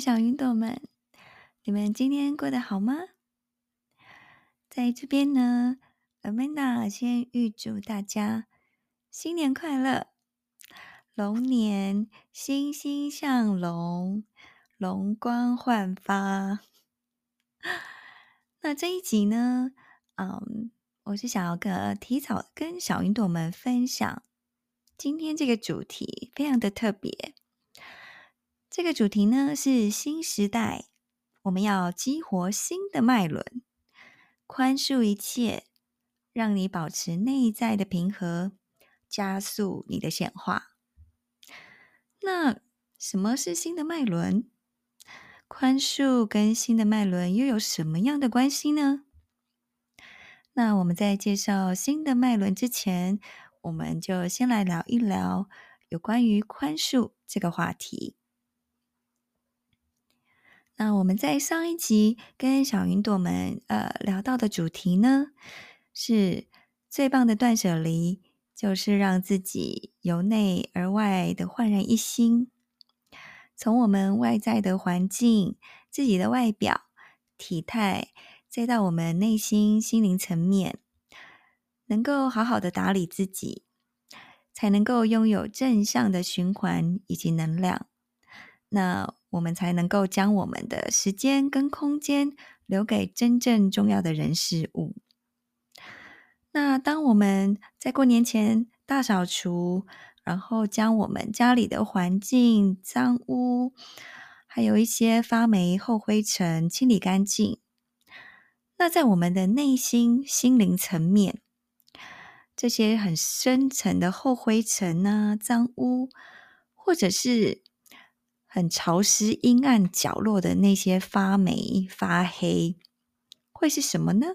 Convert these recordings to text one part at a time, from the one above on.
小雲朵們，你們今天過得好嗎？在這邊呢，阿曼達先預祝大家新年快樂，龍年欣欣向榮，龍光煥發。 那這一集呢，嗯、um，我是想要個提早跟小雲朵們分享，今天這個主題非常的特別。這個主題呢是新時代，我們要激活新的脈輪，寬恕一切，讓你保持內在的平和，加速你的顯化。那什麼是新的脈輪？寬恕跟新的脈輪又有什麼樣的關係呢？那我們在介紹新的脈輪之前，我們就先來聊一聊有關於寬恕這個話題。那我們在上一集跟小雲朵們呃聊到的主題呢，是最棒的斷舍離，就是讓自己由內而外的煥然一新，從我們外在的環境、自己的外表、體態，再到我們內心心靈層面，能夠好好的打理自己，才能夠擁有正向的循環以及能量。那。我們才能夠將我們的時間跟空間留給真正重要的人事物。那當我們在過年前大掃除，然後將我們家裡的環境髒污，還有一些發霉厚灰塵清理乾淨，那在我們的內心心靈層面，這些很深層的厚灰塵啊、髒污，或者是。很潮濕、陰暗角落的那些發霉、發黑，會是什麼呢？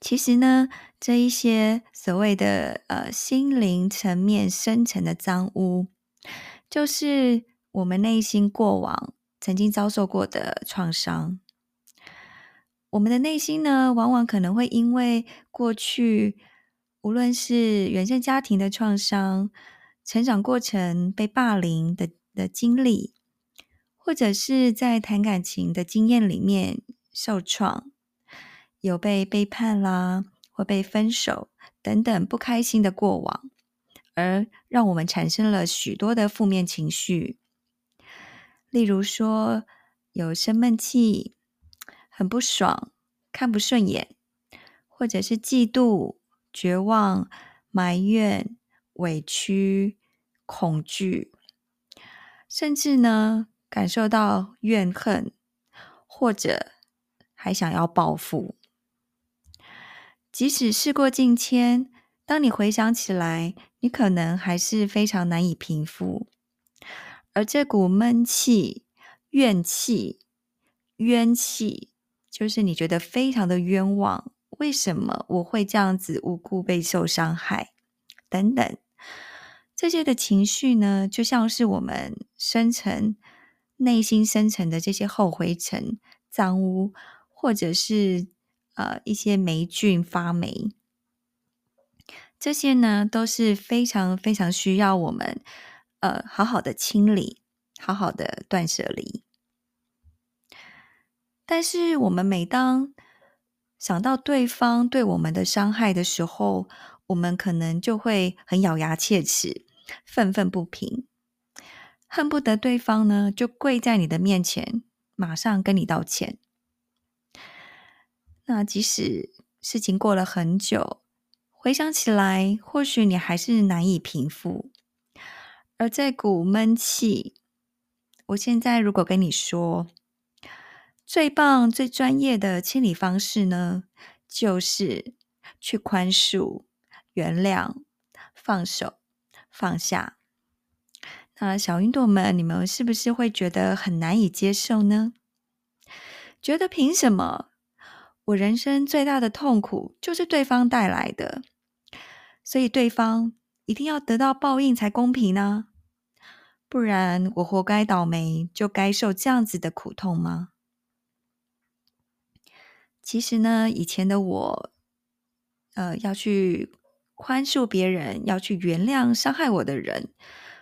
其實呢，這一些所謂的呃心靈層面深層的髒污，就是我們內心過往曾經遭受過的創傷。我們的內心呢，往往可能會因為過去，無論是原生家庭的創傷，成長過程被霸凌的的經歷，或者是在談感情的經驗裡面受創，有被背叛啦，或被分手等等不開心的過往，而讓我們產生了許多的負面情緒，例如說有生悶氣，很不爽，看不順眼，或者是嫉妒、絕望、埋怨、委屈。恐懼，甚至呢，感受到怨恨，或者還想要報復。即使事過境遷，當你回想起來，你可能還是非常難以平復。而這股悶氣、怨氣、冤氣，就是你覺得非常的冤枉。為什麼我會這樣子無故被受傷害？等等。這些的情緒呢，就像是我們深層，內心深層的這些厚灰塵、髒污，或者是呃一些霉菌發霉，這些呢都是非常非常需要我們呃好好的清理，好好的斷捨離。但是我們每當想到對方對我們的傷害的時候，我們可能就會很咬牙切齒。憤憤不平，恨不得對方呢就跪在你的面前，馬上跟你道歉。那即使事情過了很久，回想起來，或許你還是難以平復。而這股悶氣，我現在如果跟你說，最棒、最專業的清理方式呢，就是去寬恕、原諒、放手。放下，那小雲朵們，你們是不是會覺得很難以接受呢？覺得憑什麼我人生最大的痛苦就是對方帶來的，所以對方一定要得到報應才公平呢？啊？不然我活該倒霉，就該受這樣子的苦痛嗎？其實呢，以前的我，呃，要去。寬恕別人，要去原諒傷害我的人，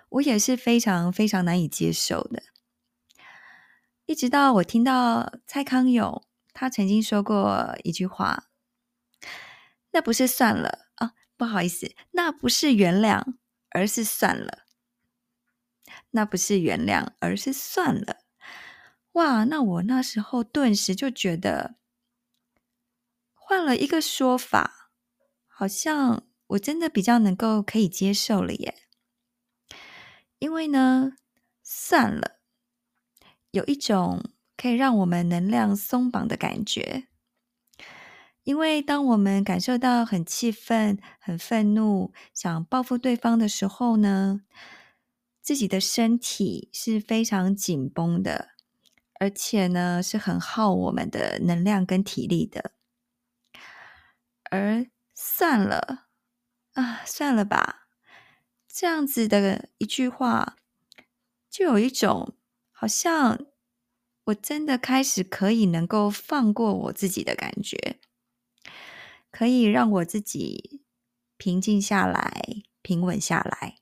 我也是非常非常難以接受的。一直到我聽到蔡康永，他曾經說過一句話：“那不是算了啊，不好意思，那不是原諒，而是算了。”那不是原諒，而是算了。哇！那我那時候頓時就覺得，換了一個說法，好像。我真的比較能夠可以接受了耶，因為呢，算了，有一種可以讓我們能量鬆綁的感覺。因為當我們感受到很氣憤、很憤怒、想報復對方的時候呢，自己的身體是非常緊繃的，而且呢，是很耗我們的能量跟體力的。而算了。啊，算了吧，這樣子的一句話，就有一種好像我真的開始可以能夠放過我自己的感覺，可以讓我自己平靜下來，平穩下來。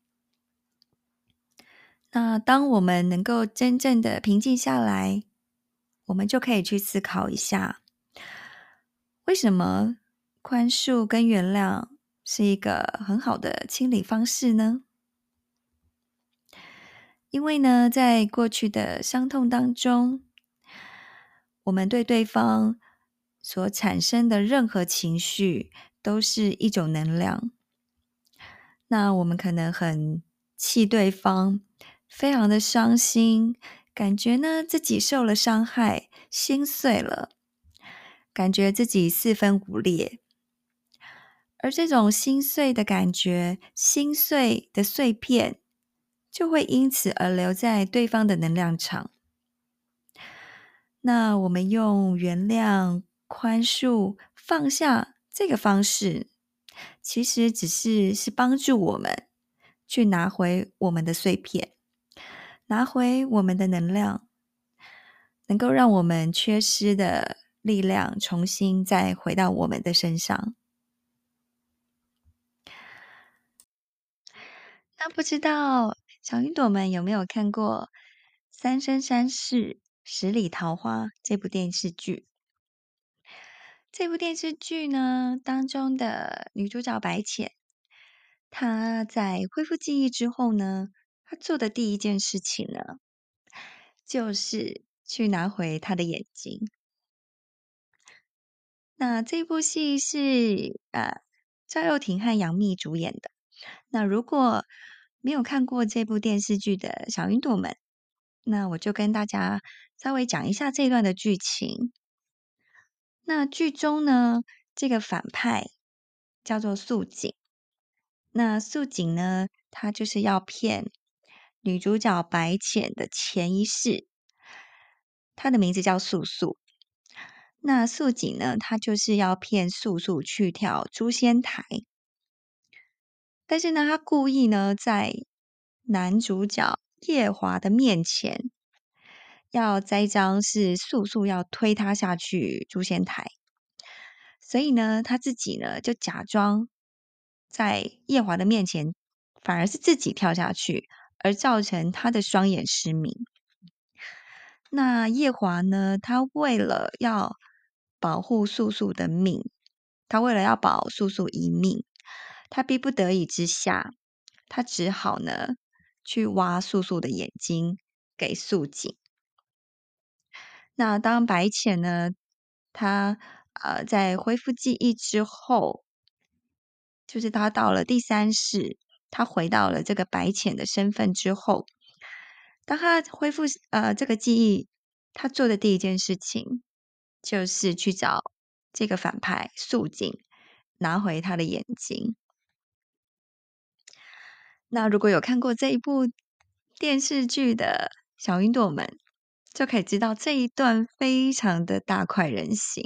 那當我們能夠真正的平靜下來，我們就可以去思考一下，為什麼寬恕跟原諒。是一個很好的清理方式呢，因為呢，在過去的傷痛當中，我們對對方所產生的任何情緒都是一種能量。那我們可能很氣對方，非常的傷心，感覺呢，自己受了傷害，心碎了，感覺自己四分五裂。而這種心碎的感覺，心碎的碎片，就會因此而留在對方的能量場。那我們用原諒、寬恕、放下這個方式，其實只是是幫助我們去拿回我們的碎片，拿回我們的能量，能夠讓我們缺失的力量重新再回到我們的身上。那不知道小雲朵們有沒有看過《三生三世十里桃花》這部電視劇？這部電視劇呢，當中的女主角白淺，她在恢復記憶之後呢，她做的第一件事情呢，就是去拿回她的眼睛。那這部戲是啊，趙又廷和楊冪主演的。那如果沒有看過這部電視劇的小雲朵們，那我就跟大家稍微講一下這一段的劇情。那劇中呢，這個反派叫做素錦。那素錦呢，她就是要騙女主角白淺的前一世，她的名字叫素素。那素錦呢，她就是要騙素素去跳誅仙台。但是呢，他故意呢，在男主角夜華的面前要栽贓，是素素要推他下去誅仙台。所以呢，他自己呢就假裝在夜華的面前，反而是自己跳下去，而造成他的雙眼失明。那夜華呢，他為了要保護素素的命，他為了要保素素一命。他逼不得已之下，他只好呢，去挖素素的眼睛給素錦。那當白淺呢，他呃在恢復記憶之後，就是他到了第三世，他回到了這個白淺的身份之後，當他恢復呃這個記憶，他做的第一件事情就是去找這個反派素錦，拿回他的眼睛。那如果有看過這一部電視劇的《小雲朵們》，就可以知道這一段非常的大快人心，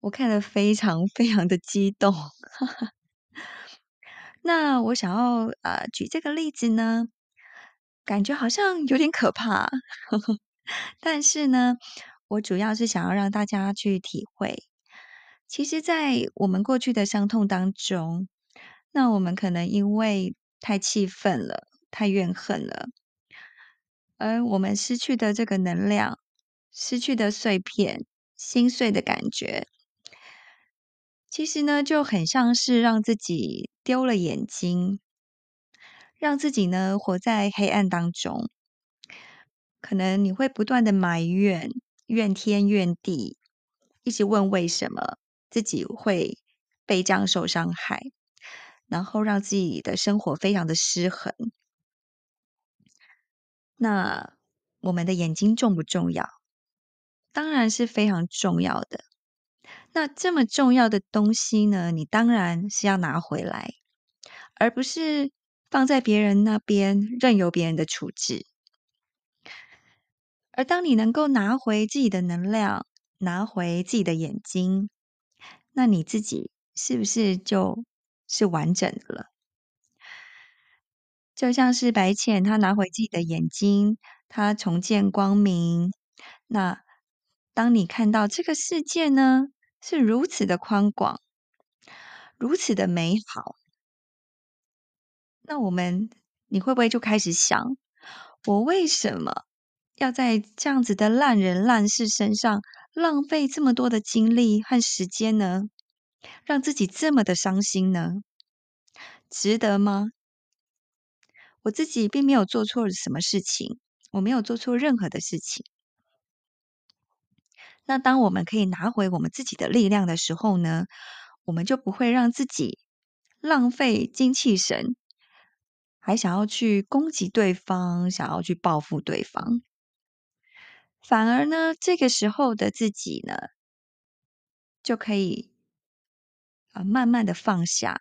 我看得非常非常的激動。 那我想要啊、呃、舉這個例子呢，感覺好像有點可怕， 但是呢，我主要是想要讓大家去體會，其實，在我們過去的傷痛當中，那我們可能因為。太氣憤了，太怨恨了，而我們失去的這個能量，失去的碎片，心碎的感覺，其實呢，就很像是讓自己丟了眼睛，讓自己呢活在黑暗當中。可能你會不斷的埋怨，怨天怨地，一直問為什麼自己會被這樣受傷害。然後讓自己的生活非常的失衡。那我們的眼睛重不重要？當然是非常重要的。那這麼重要的東西呢，你當然是要拿回來，而不是放在別人那邊，任由別人的處置。而當你能夠拿回自己的能量，拿回自己的眼睛，那你自己是不是就？是完整的了，就像是白淺，她拿回自己的眼睛，她重見光明。那當你看到這個世界呢，是如此的寬廣，如此的美好，那我們你會不會就開始想，我為什麼要在這樣子的爛人爛事身上浪費這麼多的精力和時間呢？讓自己這麼的傷心呢，值得嗎？我自己並沒有做錯了什麼事情，我沒有做錯任何的事情。那當我們可以拿回我們自己的力量的時候呢，我們就不會讓自己浪費精氣神，還想要去攻擊對方，想要去報復對方。反而呢，這個時候的自己呢，就可以。啊，慢慢的放下，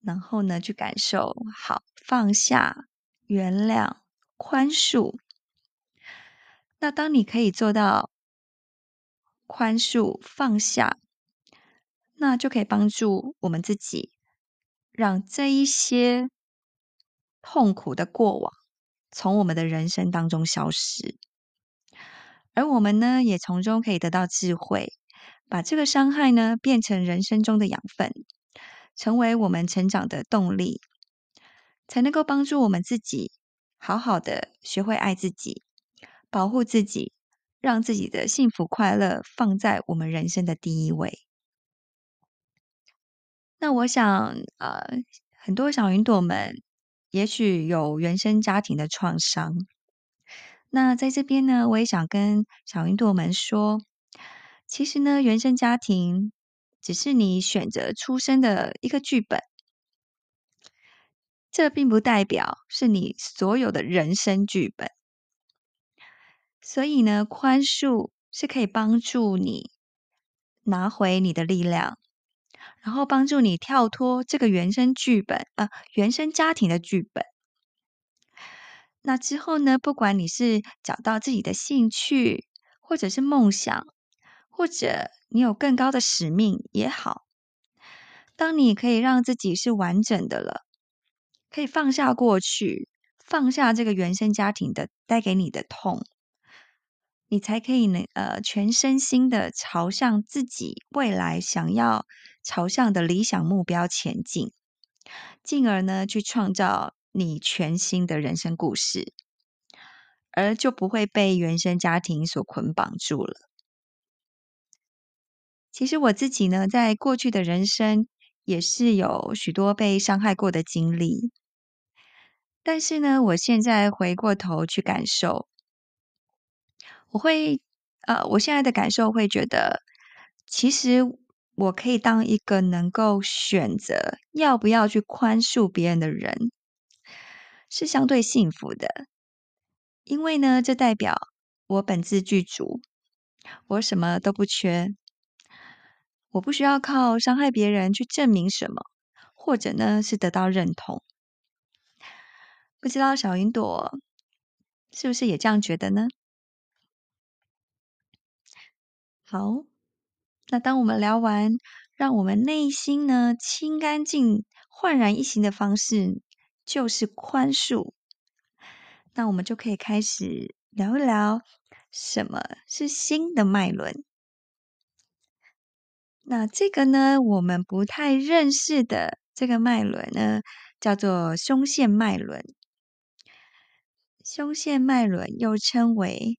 然後呢，去感受，好，放下、原諒、寬恕。那當你可以做到寬恕、放下，那就可以幫助我們自己，讓這一些痛苦的過往從我們的人生當中消失，而我們呢，也從中可以得到智慧。把這個傷害呢，變成人生中的養分，成為我們成長的動力，才能夠幫助我們自己好好的學會愛自己，保護自己，讓自己的幸福快樂放在我們人生的第一位。那我想，呃，很多小雲朵們，也許有原生家庭的創傷，那在這邊呢，我也想跟小雲朵們說。其實呢，原生家庭只是你選擇出生的一個劇本，這並不代表是你所有的人生劇本。所以呢，寬恕是可以幫助你拿回你的力量，然後幫助你跳脫這個原生劇本啊、呃，原生家庭的劇本。那之後呢，不管你是找到自己的興趣，或者是夢想。或者你有更高的使命也好，當你可以讓自己是完整的了，可以放下過去，放下這個原生家庭的帶給你的痛，你才可以呢、呃，全身心的朝向自己未來想要朝向的理想目標前進，進而呢去創造你全新的人生故事，而就不會被原生家庭所捆綁住了。其實我自己呢，在過去的人生也是有許多被傷害過的經歷，但是呢，我現在回過頭去感受，我會呃、啊，我現在的感受會覺得，其實我可以當一個能夠選擇要不要去寬恕別人的人，是相對幸福的，因為呢，這代表我本自具足，我什麼都不缺。我不需要靠傷害別人去證明什麼，或者呢是得到認同。不知道小雲朵是不是也這樣覺得呢？好，那當我們聊完，讓我們內心呢清乾淨、煥然一新的方式就是寬恕。那我們就可以開始聊一聊什麼是新的脈輪。那這個呢，我們不太認識的這個脈輪呢，叫做胸腺脈輪。胸腺脈輪又稱為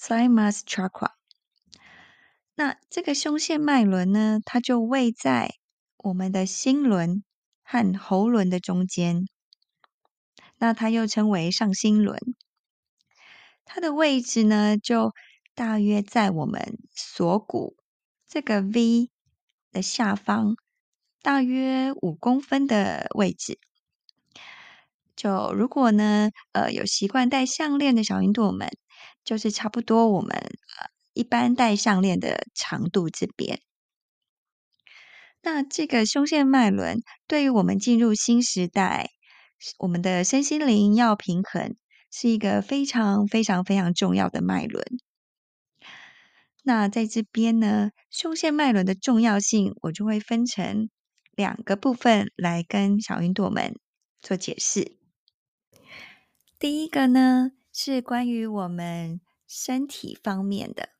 thymus chakra。那這個胸腺脈輪呢，它就位在我們的心輪和喉輪的中間。那它又稱為上心輪。它的位置呢，就大約在我們鎖骨。這個 V 的下方，大約五公分的位置，就如果呢，呃，有習慣戴項鏈的小雲朵們，就是差不多我們、呃、一般戴項鏈的長度這邊。那這個胸腺脈輪，對於我們進入新時代，我們的身心靈要平衡，是一個非常非常非常重要的脈輪。那在這邊呢，胸腺脈輪的重要性，我就會分成兩個部分來跟小雲朵們做解釋。第一個呢，是關於我們身體方面的。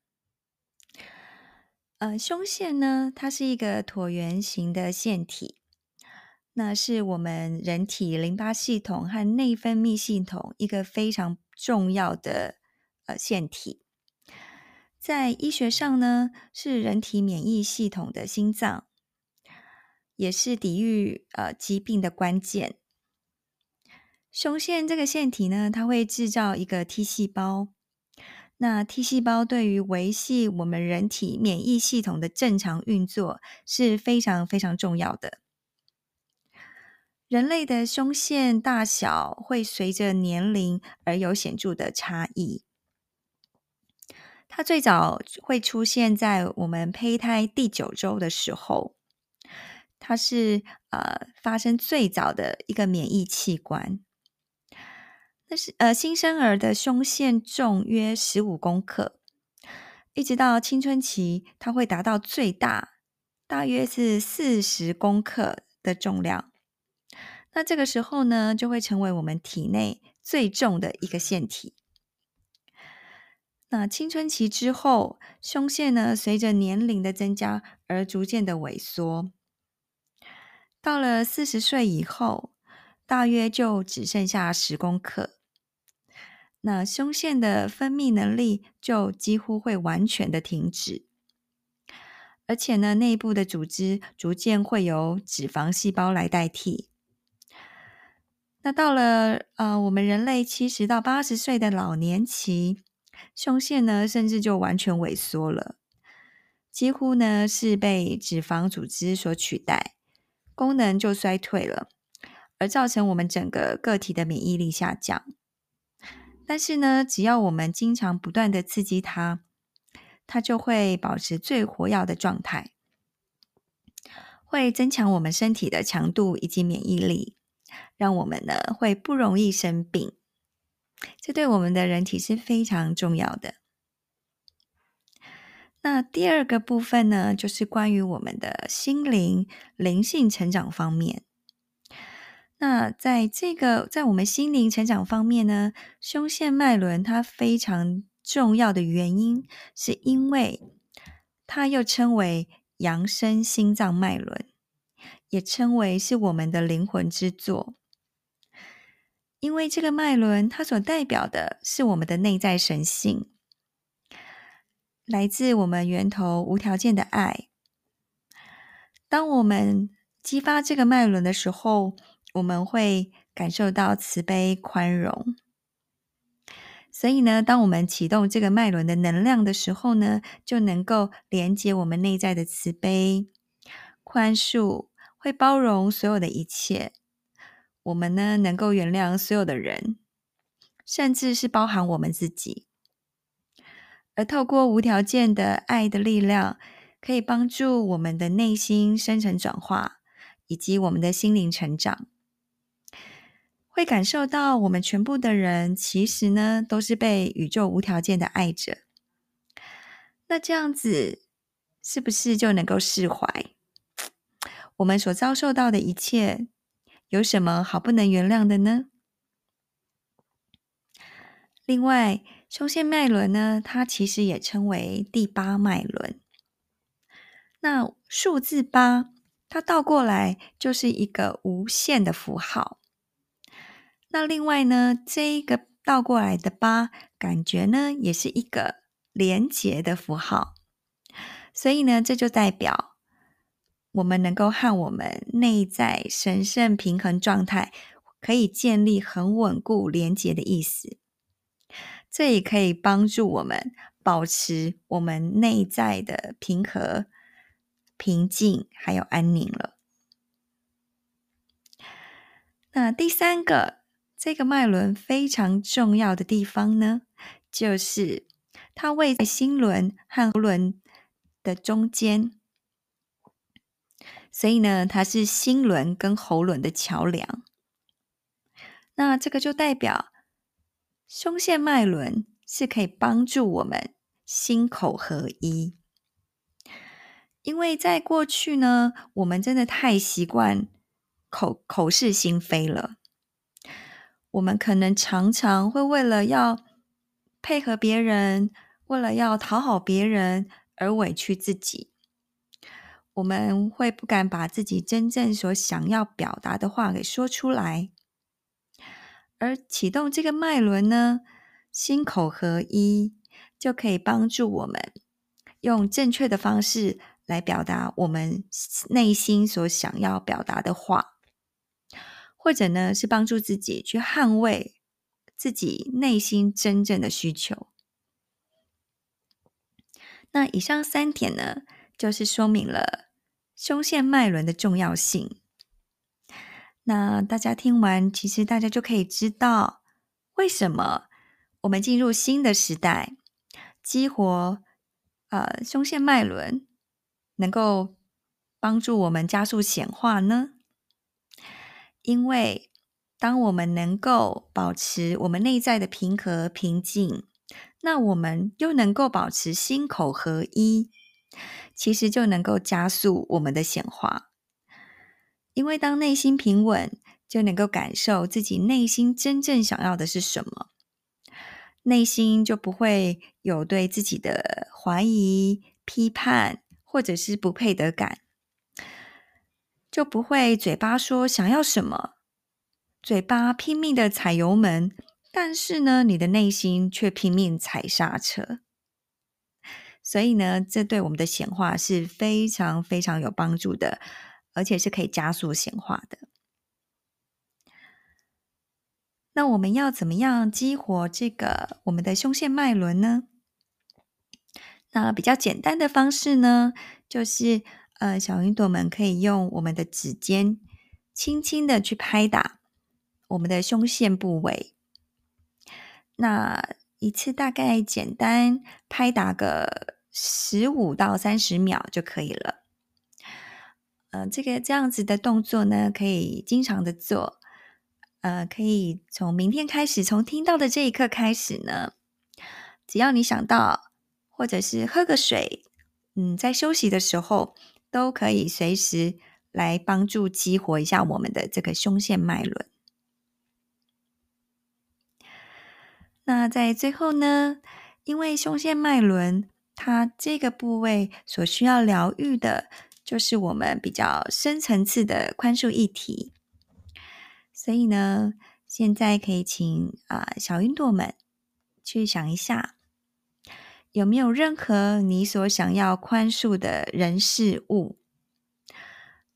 呃，胸腺呢，它是一個橢圓形的腺體，那是我們人體淋巴系統和內分泌系統一個非常重要的，呃，腺體。在醫學上呢，是人體免疫系統的心臟，也是抵御呃疾病的關鍵。胸腺這個腺體呢，它會制造一個 T 細胞。那 T 細胞對於維繫我們人體免疫系統的正常運作是非常非常重要的。人類的胸腺大小會隨着年齡而有顯著的差異。它最早會出現在我們胚胎第九周的時候，它是呃發生最早的一個免疫器官。那是呃新生兒的胸腺重約十五公克，一直到青春期它會達到最大，大約是四十公克的重量。那這個時候呢，就會成為我們體內最重的一個腺體。那青春期之後，胸腺呢，隨着年齡的增加而逐漸的萎縮。到了四十歲以後，大約就只剩下十公克。那胸腺的分泌能力就幾乎會完全的停止，而且呢，內部的組織逐漸會由脂肪細胞來代替。那到了呃，我們人類七十到八十歲的老年期，胸腺呢，甚至就完全萎縮了，幾乎呢是被脂肪組織所取代，功能就衰退了，而造成我們整個個體的免疫力下降。但是呢，只要我們經常不斷的刺激它，它就會保持最活躍的狀態，會增強我們身體的強度以及免疫力，讓我們呢會不容易生病。這對我們的人體是非常重要的。那第二個部分呢，就是關於我們的心靈、靈性成長方面。那在這個在我們心靈成長方面呢，胸腺脈輪它非常重要的原因，是因為它又稱為揚升心臟脈輪，也稱為是我們的靈魂之座。因為這個脈輪，它所代表的是我們的內在神性，來自我們源頭無條件的愛。當我們激發這個脈輪的時候，我們會感受到慈悲、寬容。所以呢，當我們啟動這個脈輪的能量的時候呢，就能夠連接我們內在的慈悲、寬恕，會包容所有的一切。我們呢，能夠原諒所有的人，甚至是包含我們自己，而透過無條件的愛的力量，可以幫助我們的內心生成轉化，以及我們的心靈成長，會感受到我們全部的人，其實呢，都是被宇宙無條件的愛着。那這樣子，是不是就能夠釋懷我們所遭受到的一切？有什麼好不能原諒的呢？另外，胸腺脈輪呢，它其實也稱為第八脈輪。那數字八，它倒過來就是一個無限的符號。那另外呢，這一個倒過來的八，感覺呢，也是一個連接的符號。所以呢，這就代表。我們能夠和我們內在神聖平衡狀態可以建立很穩固連結的意思，這也可以幫助我們保持我們內在的平和、平靜還有安寧了。那第三個這個脈輪非常重要的地方呢，就是它位在心輪和喉輪的中間。所以呢，它是心輪跟喉輪的橋樑。那這個就代表胸腺脈輪是可以幫助我們心口合一。因為在過去呢，我們真的太習慣口口是心非了。我們可能常常會為了要配合別人，為了要討好別人而委屈自己。我們會不敢把自己真正所想要表達的話給說出來，而啟動這個脈輪呢，心口合一，就可以幫助我們用正確的方式來表達我們內心所想要表達的話，或者呢，是幫助自己去捍衛自己內心真正的需求。那以上三點呢，就是說明了。胸腺脈輪的重要性，那大家聽完，其實大家就可以知道，為什麼我們進入新的時代，激活，呃，胸腺脈輪，能夠幫助我們加速顯化呢？因為當我們能夠保持我們內在的平和平靜，那我們又能夠保持心口合一，其實就能夠加速我們的顯化，因為當內心平穩，就能夠感受自己內心真正想要的是什麼，內心就不會有對自己的懷疑、批判或者是不配得感，就不會嘴巴說想要什麼，嘴巴拼命的踩油門，但是呢，你的內心卻拼命踩剎車。所以呢，這對我們的顯化是非常非常有幫助的，而且是可以加速顯化的。那我們要怎麼樣激活這個我們的胸腺脈輪呢？那比較簡單的方式呢，就是呃，小雲朵們可以用我們的指尖輕輕的去拍打我們的胸腺部位。那一次大概簡單拍打個。十五到三十秒就可以了。嗯、呃，這個這樣子的動作呢，可以經常的做。呃，可以從明天開始，從聽到的這一刻開始呢，只要你想到，或者是喝個水，嗯，在休息的時候，都可以隨時來幫助激活一下我們的這個胸腺脈輪。那在最後呢，因為胸腺脈輪。它這個部位所需要療癒的，就是我們比較深層次的寬恕議題。所以呢，現在可以請啊、呃、小雲朵們去想一下，有沒有任何你所想要寬恕的人事物？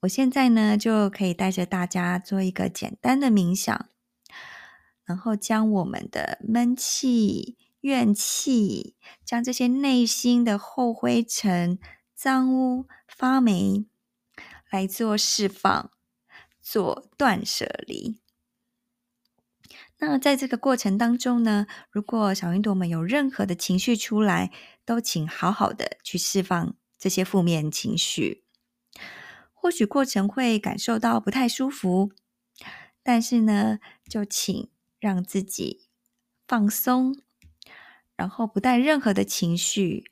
我現在呢，就可以帶着大家做一個簡單的冥想，然後將我們的悶氣。怨氣，將這些內心的厚灰塵、髒污、發霉來做釋放，做斷捨離。那在這個過程當中呢，如果小雲朵們有任何的情緒出來，都請好好的去釋放這些負面情緒。或許過程會感受到不太舒服，但是呢，就請讓自己放鬆。然後不帶任何的情緒，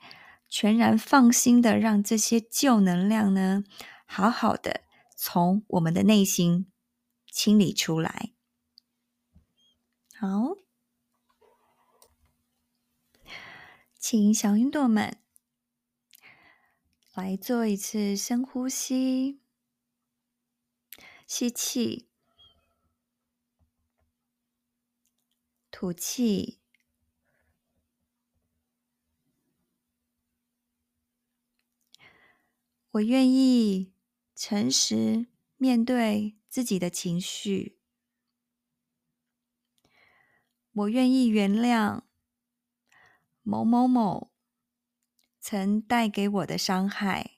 全然放心的讓這些舊能量呢，好好的從我們的內心清理出來。好，請小雲朵們來做一次深呼吸，吸氣，吐氣。我願意誠實面對自己的情緒。我願意原諒某某某曾帶給我的傷害。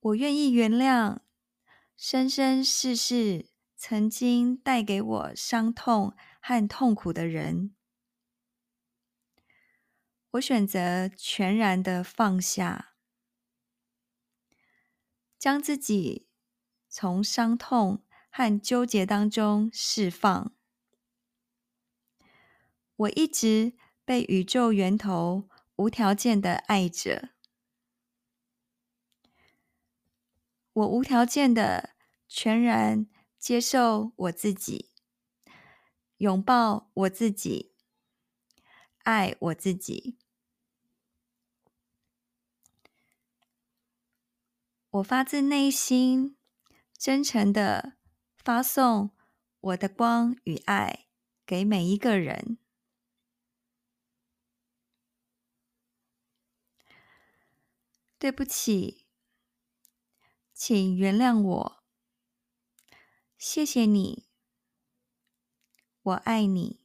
我願意原諒生生世世曾經帶給我傷痛和痛苦的人。我選擇全然的放下，將自己從傷痛和糾結當中釋放。我一直被宇宙源頭無條件的愛着，我無條件的全然接受我自己，擁抱我自己，愛我自己。我發自內心、真誠地發送我的光與愛給每一個人。對不起，請原諒我。謝謝你，我愛你。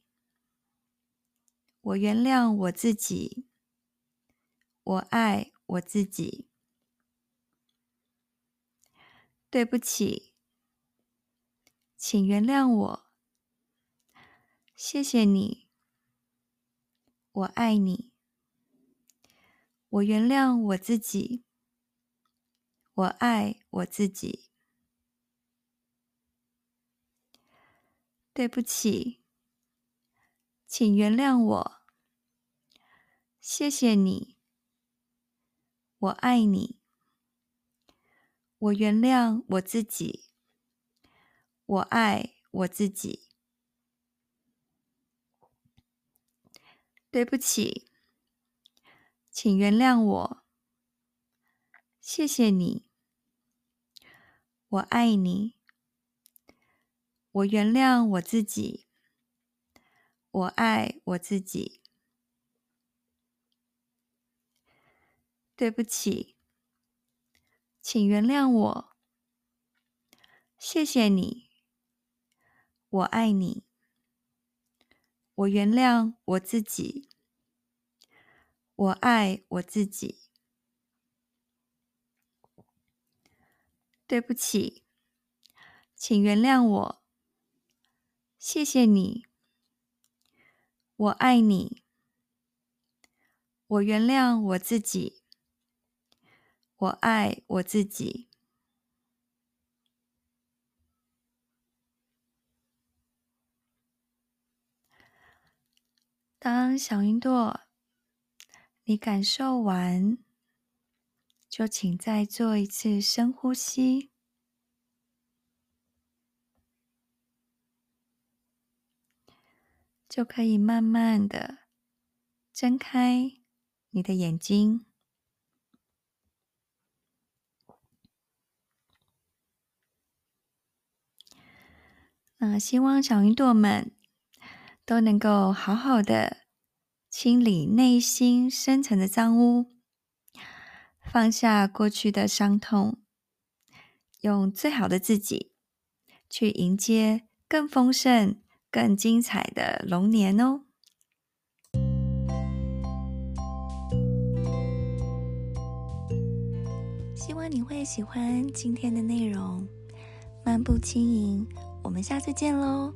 我原諒我自己，我愛我自己。對不起，請原諒我。謝謝你，我愛你。我原諒我自己，我愛我自己。對不起，請原諒我。謝謝你，我愛你。我原諒我自己，我愛我自己。對不起，請原諒我。謝謝你，我愛你。我原諒我自己，我愛我自己。對不起。請原諒我，謝謝你，我愛你，我原諒我自己，我愛我自己。對不起，請原諒我，謝謝你，我愛你，我原諒我自己。我愛我自己。當小雲朵，你感受完，就請再做一次深呼吸，就可以慢慢的睜開你的眼睛。希望小雲朵們都能夠好好的清理內心深層的髒污，放下過去的傷痛，用最好的自己去迎接更豐盛、更精彩的龍年哦！希望你會喜歡今天的內容，漫步輕盈。我們下次見嘍。